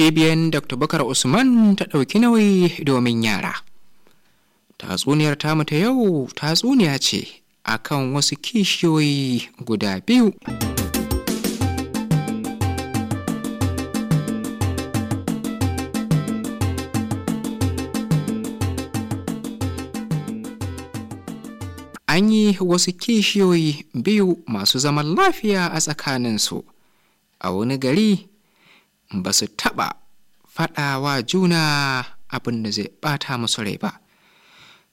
cibiyar dr bakar usman ta ɗauki nauyi domin yara tatsuniyar tamu ta yau tatsuniya ce akan wasu kishiyoyi guda biyu an yi wasu kishiyoyi biyu masu zaman lafiya a tsakaninsu a wani gari ba su taɓa faɗa wa juna abin da zai ɓata musu rai ba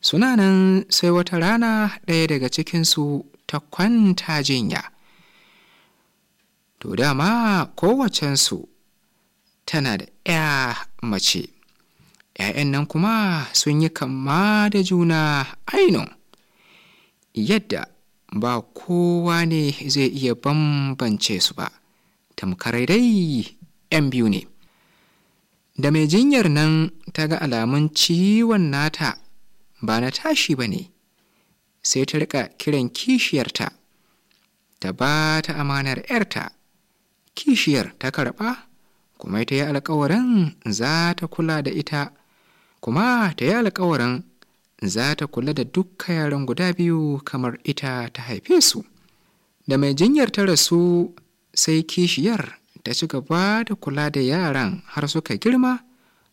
suna nan sai wata rana ɗaya daga cikinsu ta kwanta jinya to dama kowacensu tana da ‘ya mace ‘ya'yan nan kuma sun yi kama da juna ainun yadda ba kowa ne zai iya bambance su ba tamkarai dai 'yan biyu ne da mai jinyar nan ta ga alamun ciwon nata ba na tashi ba ne sai ta rika kiran kishiyarta ta ba ta amanar 'yarta kishiyar ta karɓa kuma ta yi alkawarin za ta kula da ita kuma ta yi alkawarin za ta kula da dukka yaran guda biyu kamar ita ta haife su da mai jinyar ta rasu sai kishiyar ta ci gaba da kula da yaran har suka girma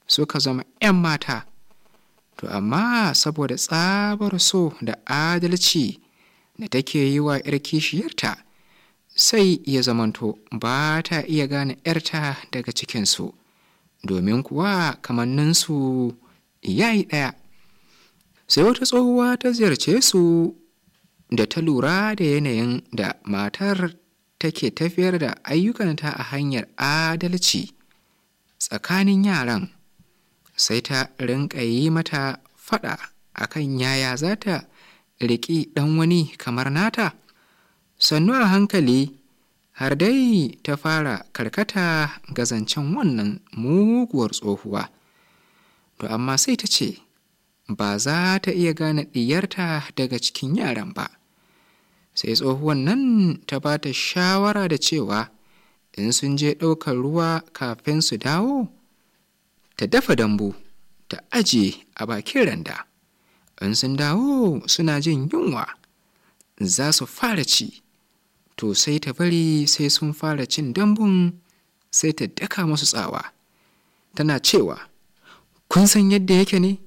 suka zama 'yan mata to amma saboda tsabar so da adalci da take yi wa 'yar kishiyarta sai ya zamanto ba ta iya gane 'yarta daga cikinsu domin kuwa kamanninsu ya yi ɗaya sai wata tsohuwa ta ziyarce su da ta lura da yanayin da matar take tafiyar da ayyukanta a hanyar adalci tsakanin yaran sai ta rinƙa yi mata faɗa kan yaya za ta riƙi ɗan wani kamar nata sannu a hankali har dai ta fara karkata ga zancen wannan muguwar tsohuwa to amma sai ta ce ba za ta iya gane ɗiyarta daga cikin yaran ba sai tsohuwan nan ta ba ta shawara da cewa in sun je ɗaukar ruwa kafin su dawo ta dafa dambu ta aje a bakin randa in sun dawo suna jin yunwa za su fara ci to sai ta bari sai sun fara cin dambun sai ta daka masu tsawa tana cewa kun san yadda yake ne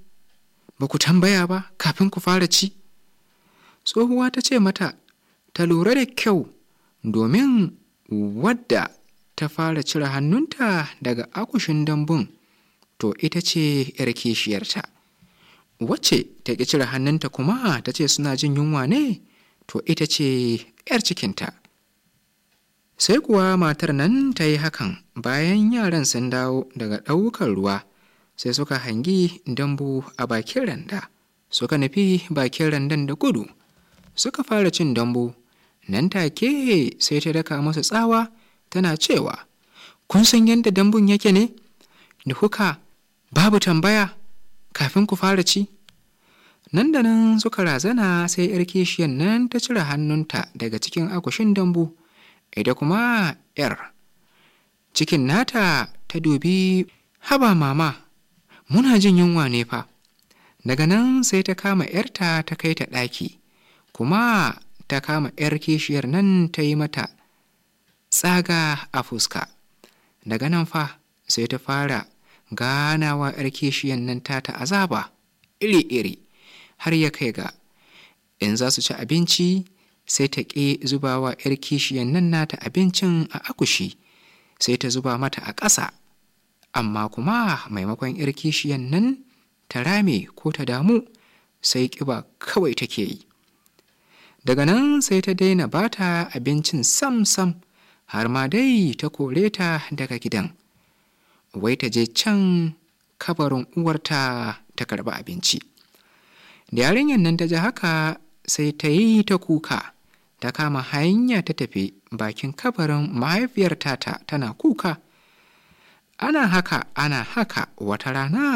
ba ku tambaya ba kafin ku fara ci tsohuwa ta ce mata ta lura da kyau domin wadda ta fara cire hannunta daga akushin dambun to ita ce 'yar kishiyarta wacce ta ƙi cire hannunta kuma ta ce suna jin yunwa ne to ita ce 'yar cikinta sai kuwa matar nan ta yi hakan bayan yaran sun dawo daga ɗaukar ruwa sai suka hangi dambu a bakin randa suka nufi bakin randan da gudu suka fara cin dambu nan take sai ta daka masa tsawa tana cewa kun san yadda dambun yake ne da kuka babu tambaya kafin ku fara ci nan da nan suka razana sai yar kishiyan nan ta cire hannunta daga cikin akushin dambu ita kuma yar cikin nata ta dubi haba mama muna jin yunwa ne fa daga nan sai ta kama yarta ta kai ta ɗaki kuma ta kama 'yar kishiyar nan ta yi mata tsaga a fuska daga nan fa sai ta fara ganawa 'yar kishiyar nan ta ta azaba iri-iri har ya kai ga in za su ci abinci sai ta ƙi zubawa 'yar kishiyar nan nata abincin a akushi sai ta zuba mata a ƙasa amma kuma maimakon 'yar kishiyar nan ta rame ko ta damu sai ƙiba kawai take yi daga nan sai ta daina ba ta abincin sam-sam har ma dai ta kore ta daga gidan wai ta je can kabarin uwarta ta karɓi abinci da yarinyar nan ta ji haka sai ta yi ta kuka ta kama hanya ta tafi bakin kabarin mahaifiyar tata tana kuka ana haka ana haka wata rana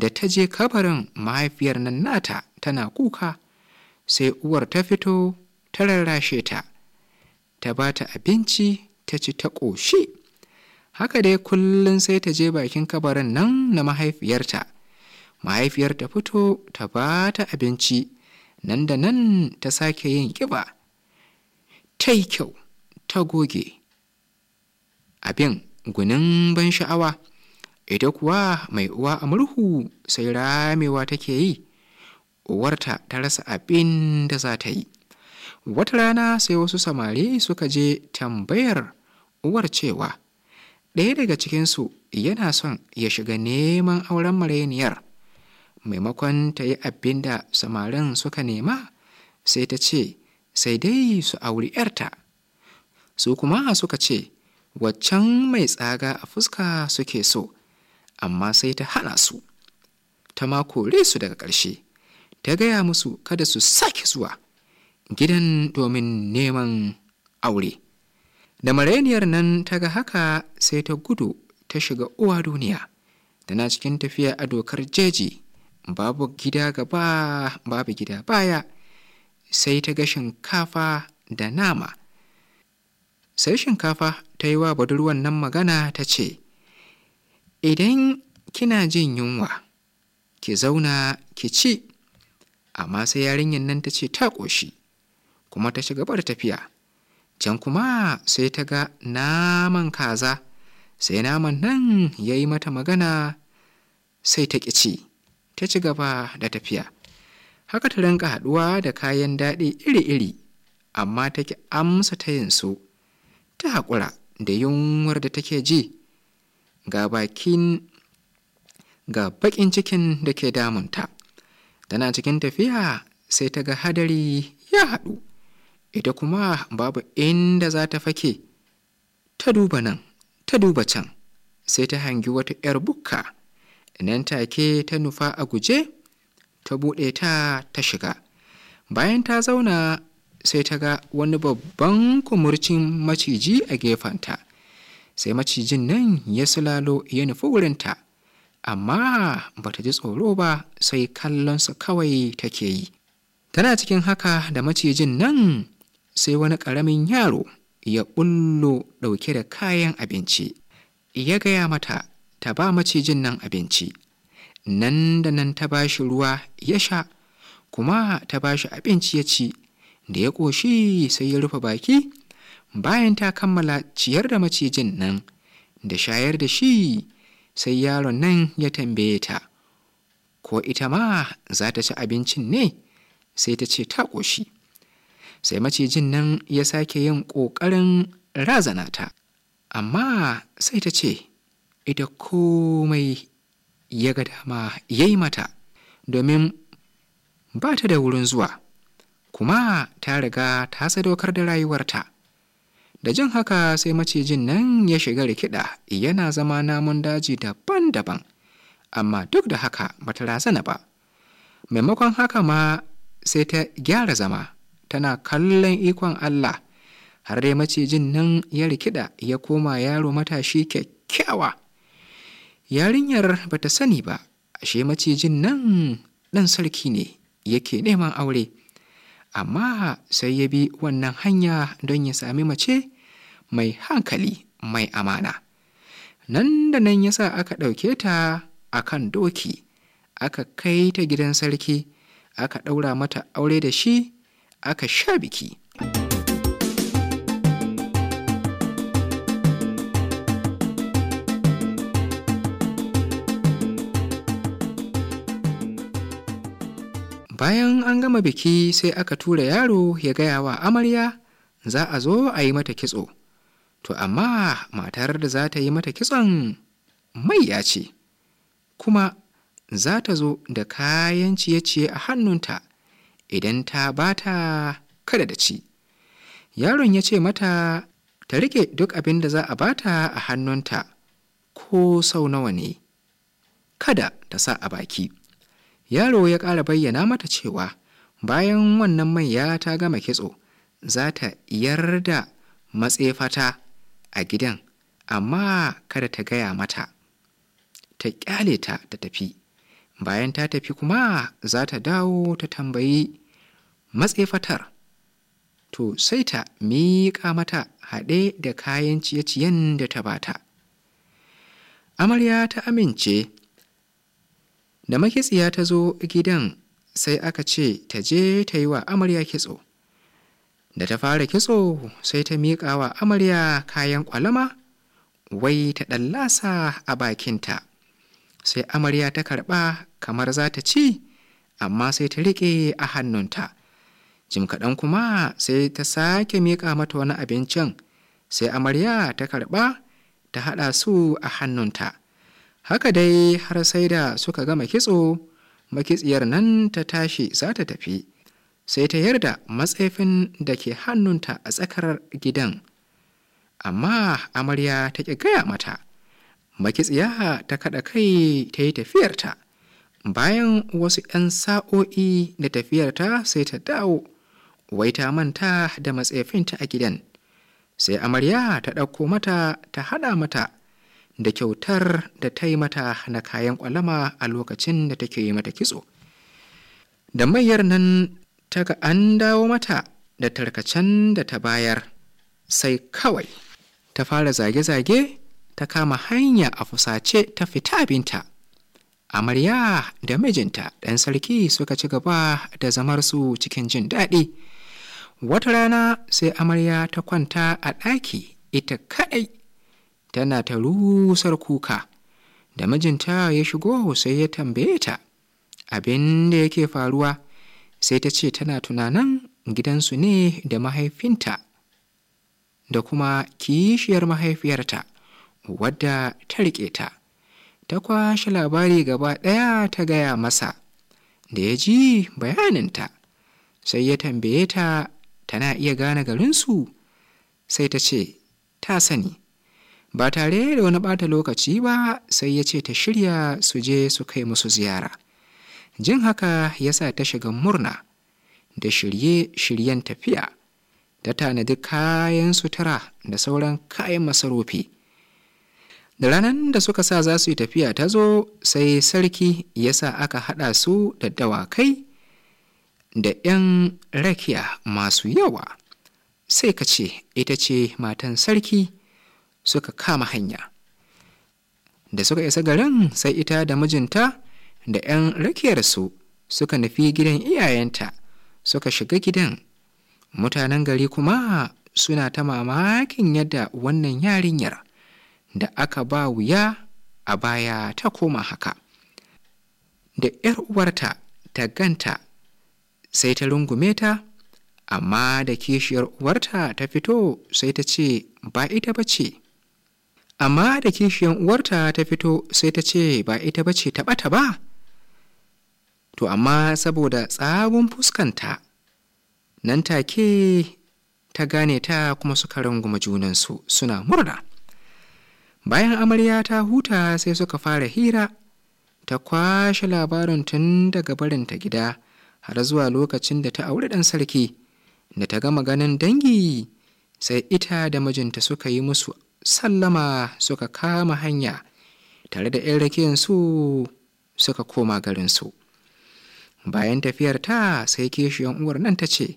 da ta je kabarin mahaifiyar nan nata tana kuka sai uwar ta fito ta rarrashe ta ta ba ta abinci ta ci ta ƙoshi haka dai kullum sai ta je bakin kabarin nan na mahaifiyarta mahaifiyar ta fito ta ba ta abinci nan da nan ta sake yin ƙiba ta yi kyau ta goge abin gunin ban sha'awa ita kuwa mai uwa a murhu sai ramewa take yi uwarta ta rasa abin da za ta yi wata rana sai wasu samari suka je tambayar uwar cewa ɗaya daga cikinsu yana son ya shiga neman auren marainiyar maimakon ta yi abin da samarin suka nema sai ta ce sai dai su auri 'yarta su kuma suka ce waccan mai tsaga a fuska suke so amma sai ta hana su ta ma kore su daga ƙarshe ta gaya musu kada su sake zuwa gidan domin neman aure da marainiyar nan ta ga haka sai ta gudu ta shiga uwa duniya tana cikin tafiya a dokar jeji babu gida gaba babu gida baya sai ta ga shinkafa da nama sai shinkafa ta yi wa budurwan nan magana ta ce idan kina jin yunwa ki zauna ki ci amma sai yarinyar nan ta ce ta ƙoshi kuma ta ci gaba da tafiya can kuma sai ta ga naman kaza sai naman nan ya yi mata magana sai ta ƙici ta ci gaba da tafiya haka ta rinka haɗuwa da kayan daɗi iri-iri amma ta ki amsa ta yin su ta haƙura da yunwar da take ji ga bakin ga bakin cikin da ke damunta tana cikin tafiya sai ta ga hadari ya haɗu ita kuma babu inda za ta fake ta duba nan ta duba can sai ta hangi wata 'yar bukka nan take ta nufa a guje ta buɗe ta ta shiga bayan ta zauna sai ta ga wani babban kumurcin maciji a gefenta sai macijin nan ya sulalo ya nufi wurinta amma ba ta ji tsoro ba sai kallon kallonsa kawai take yi tana cikin haka da macijin nan sai wani ƙaramin yaro ya ɓullo ɗauke da kayan abinci ya gaya mata ta ba macijin nan abinci nan da nan ta ba shi ruwa ya sha kuma ta ba shi abinci ya ci da ya ƙoshi sai ya rufe baki bayan ta kammala ciyar da macijin nan da shayar da shi sai yaron nan ya tambaye ta ko ita ma za ta ci abincin ne sai ta ce ta ƙoshi sai macijin nan ya sake yin ƙoƙarin razana ta amma sai ta ce ita komai ya ga dama ya yi mata domin ba ta da wurin zuwa kuma ta riga ta sadaukar da rayuwarta da jin haka sai macijin nan ya shiga rikida yana zama namun daji daban-daban amma duk da haka bata razana ba maimakon haka ma sai ta gyara zama tana kallon ikon Allah har dai macijin nan ya rikida ya koma yaro matashi kyakkyawa yarinyar ba ta sani ba ashe macijin nan ɗan sarki ne yake neman aure amma sai ya bi wannan hanya don ya sami mace mai hankali mai amana nan da nan ya sa aka ɗauke ta a kan doki aka kai ta gidan sarki aka ɗaura mata aure da shi aka sha biki bayan an gama biki sai aka tura yaro ya gaya wa amarya za a zo a yi mata kitso to amma matar da za ta yi mata kitson mai ya ce kuma za ta zo da kayan ciye-ciye a hannunta idan ta ba ta kada da ci yaron ya ce mata ta rike duk abin da za a ba ta a hannunta ko sau nawa ne kada ta sa a baki yaro ya ƙara bayyana mata cewa bayan wannan manya ta gama kitso za ta yarda matsefata a gidan amma kada ta gaya mata ta ƙyale ta ta tafi bayan ta tafi kuma za ta dawo ta tambayi matsefatar to sai ta miƙa mata haɗe da kayan ciye-ciyen da ta bata amarya ta amince da makitsiya ta zo gidan sai aka ce ta je ta yi wa amarya kitso da ta fara kitso sai ta miƙa wa amarya kayan ƙwalama wai ta ɗallasa a bakinta sai amarya ta karɓa kamar za ta ci amma sai ta riƙe a hannunta jim kaɗan kuma sai ta sake miƙa mata wani abincin sai amarya ta karɓa ta haɗa su a hannunta haka dai har sai da suka gama kitso makitsiyar nan ta tashi za ta tafi sai ta yarda matsaifin da ke hannunta a tsakar gidan amma amarya ta ƙi gaya mata makitsiya ta kaɗa kai ta yi tafiyarta bayan wasu 'yan sa'o'i da tafiyarta sai ta dawo wai ta manta da ta a gidan sai amarya ta ɗauko mata ta haɗa mata da kyautar da ta yi mata na kayan kwalama a lokacin da take yi mata kitso da mayar nan ta ga an dawo mata da tarkacen da ta bayar sai kawai ta fara zage-zage ta kama hanya a fusace ta fita abinta amarya da mijinta ɗan sarki suka ci gaba da zamar su cikin jin daɗi wata rana sai amarya ta kwanta a ɗaki ita kaɗai tana ta rusar kuka da mijinta ya shigo sai ya tambaye ta abin da yake faruwa sai ta ce tana tunanin gidansu ne da mahaifinta da kuma kishiyar mahaifiyarta wadda ta riƙe ta ta kwashe labari gaba ɗaya ta gaya masa da ya ji bayaninta sai ya tambaye ta tana iya gane garinsu sai ta ce ta sani ba tare da wani ɓata lokaci ba sai ya ce ta shirya su je su kai musu ziyara jin haka ya sa ta shiga murna da shirye-shiryen tafiya ta tanadi kayan sutura da sauran kayan masarufi da ranar da suka sa za su yi tafiya ta zo sai sarki ya sa aka haɗa su da dawakai da 'yan rakiya masu yawa sai ka ce ita ce matan sarki suka kama hanya da suka isa garin sai ita da mijinta da 'yan rakiyarsu suka nufi gidan iyayenta suka shiga gidan mutanen gari kuma suna ta mamakin yadda wannan yarinyar da aka ba wuya a baya ta koma haka da 'yar uwarta ta ganta sai ta rungume ta amma da kishiyar uwarta ta fito sai ta ce ba ita ba ce amma da kishiyan uwarta ta fito sai ta ce ba ita bace ta ɓata ba to amma saboda tsabon fuskanta nan take ta gane ta kuma suka runguma junansu suna murna bayan amarya ta huta sai suka fara hira ta kwashe labarin tun daga barinta gida har zuwa lokacin da ta auri ɗan sarki da ta gama ganin dangi sai ita da mijinta suka yi musu sallama suka kama hanya tare da ‘yan rakiyarsu suka koma garinsu bayan tafiyar ta sai kishiyan uwar nan ta ce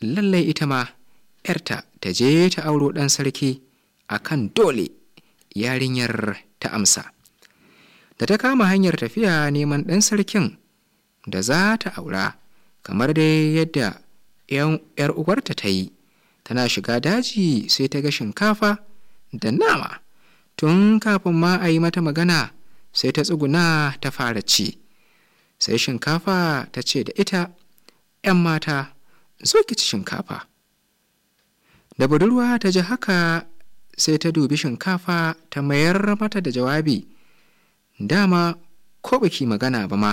lallai ita ma ‘yarta ta je ta auro ɗan sarki a kan dole yarinyar ta amsa da ta kama hanyar tafiya neman ɗan sarkin da za ta aura kamar dai yadda ‘yar uwarta ta yi tana shiga daji sai ta ga shinkafa da nama tun kafin ma a yi mata magana sai ta tsuguna ta fara ci sai shinkafa ta ce da ita 'yan mata zo ki ci shinkafa da budurwa ta ji haka sai ta dubi shinkafa ta mayar mata da jawabi dama ko baki magana ba ma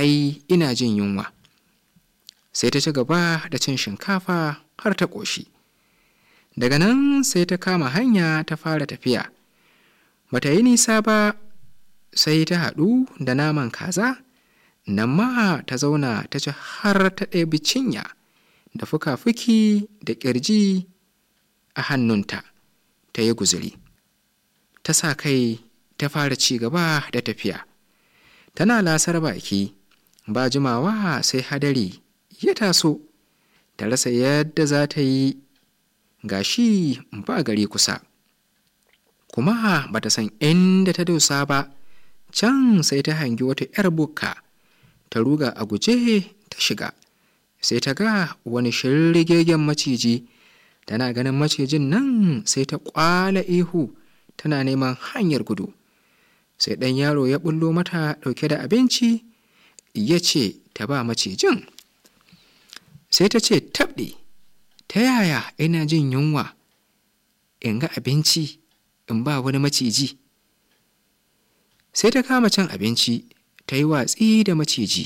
ai ina jin yunwa sai ta ci gaba da cin shinkafa har ta ƙoshi daga nan sai ta kama hanya ta fara tafiya ba ta yi nisa ba sai ta haɗu da naman kaza nan ma ta zauna ta ci har ta ɗebi cinya da fuka-fuki da ƙirji a hannunta ta yi guzuri ta sa kai ta fara ci gaba da tafiya tana lasar baki ba jimawa sai hadari ya taso ta rasa yadda za ta yi ga shi ba gari kusa kuma ba ta san inda ta dosa ba can sai ta hangi wata 'yar bukka ta ruga a guje ta shiga sai ta ga wani shirgegen maciji tana ganin macijin nan sai ta kwala ihu tana neman hanyar gudu sai ɗan yaro ya bullo mata ɗauke da abinci ya ce ta ba macijin sai ta ce tabɗi ta yaya ina jin yunwa in ga abinci in ba wani maciji sai ta kama can abinci ta yi watsi da maciji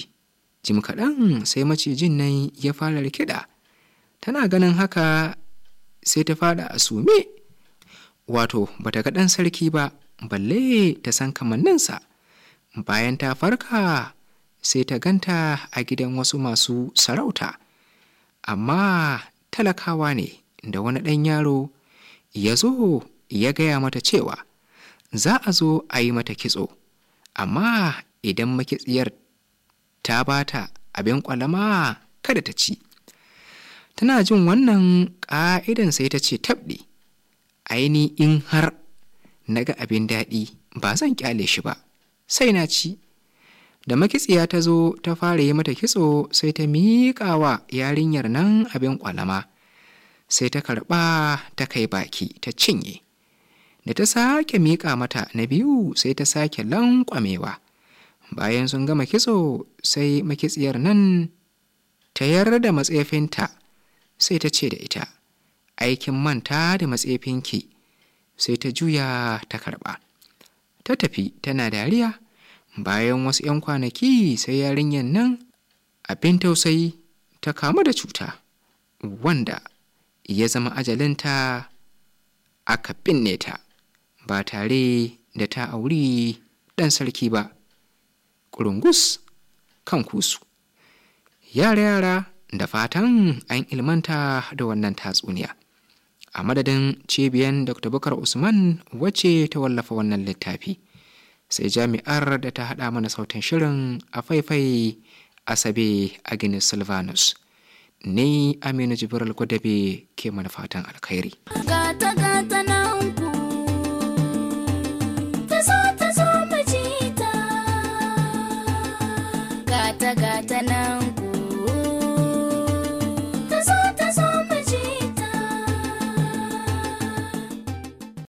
jim kaɗan sai macijin nan ya fara rikida tana ganin haka sai ta fada a sume wato bata ga ɗan sarki ba balle ta san kamanninsa bayan ta farka sai ta ganta a gidan wasu masu sarauta amma talakawa ne da wani ɗan yaro ya zo ya gaya mata cewa za a zo a yi mata kitso amma idan makitsiyar ta ba ta abin kwalama kada ta ci tana jin wannan ƙa'idan sai ta ce tabɗi aini in har na ga abin daɗi ba zan ƙyale shi ba sai na ci da makitsiya ta zo ta fara yi mata kitso sai ta miƙa wa yarinyar nan abin ƙwalama sai ta karɓa ta kai baki ta cinye da ta sake miƙa mata na biyu sai ta sake lankwamewa bayan sun gama kitso sai makitsiyar nan ta yarda da matsefinta sai ta ce da ita aikin manta da matsefinki sai ta juya ta karɓa ta tafi tana dariya bayan wasu 'yan kwanaki sai yarinyar nan abin tausayi ta kamu da cuta wanda ya zama ajalinta aka binne ta ba tare da ta auri ɗan sarki ba ƙurungus kan kusu yara-yara da fatan an ilmanta da wannan tatsuniya a madadin cibiyan dr bukar usman wacce ta wallafa wannan littafi sai jami'ar da ta haɗa mana sautin shirin a faifai asabe agnes silvanus ni aminu jibiral gwadabe ke manufatan alkhairi